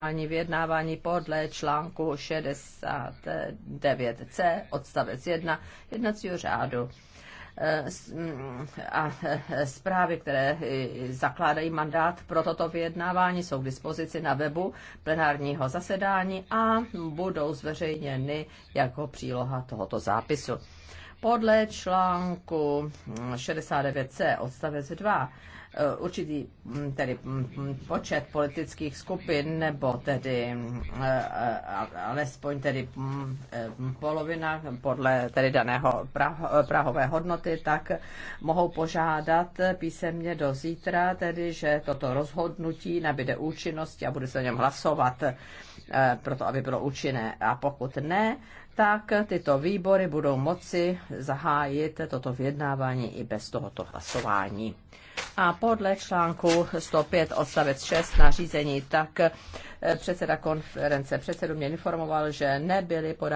ani vyjednávání podle článku 69c odstavec 1 jednacího řádu e, mm, a e, e, zprávy, které zakládají mandát pro toto vyjednávání, jsou k dispozici na webu plenárního zasedání a budou zveřejněny jako příloha tohoto zápisu podle článku 69c odstavec 2 eh, určitý mm, tedy mm, počet politických skupin nebo tedy eh, eh, alespoň tedy mm, polovina podle tedy daného prahové hodnoty, tak mohou požádat písemně do zítra, tedy že toto rozhodnutí nabide účinnosti a bude se o něm hlasovat. Eh, proto aby bylo účinné. A pokud ne, tak tyto výbory budou moci zahájit toto vyjednávání i bez tohoto hlasování. A podle článku 105 odstavec 6 nařízení, tak eh, předseda konference předsedu mě informoval, že nebyly podány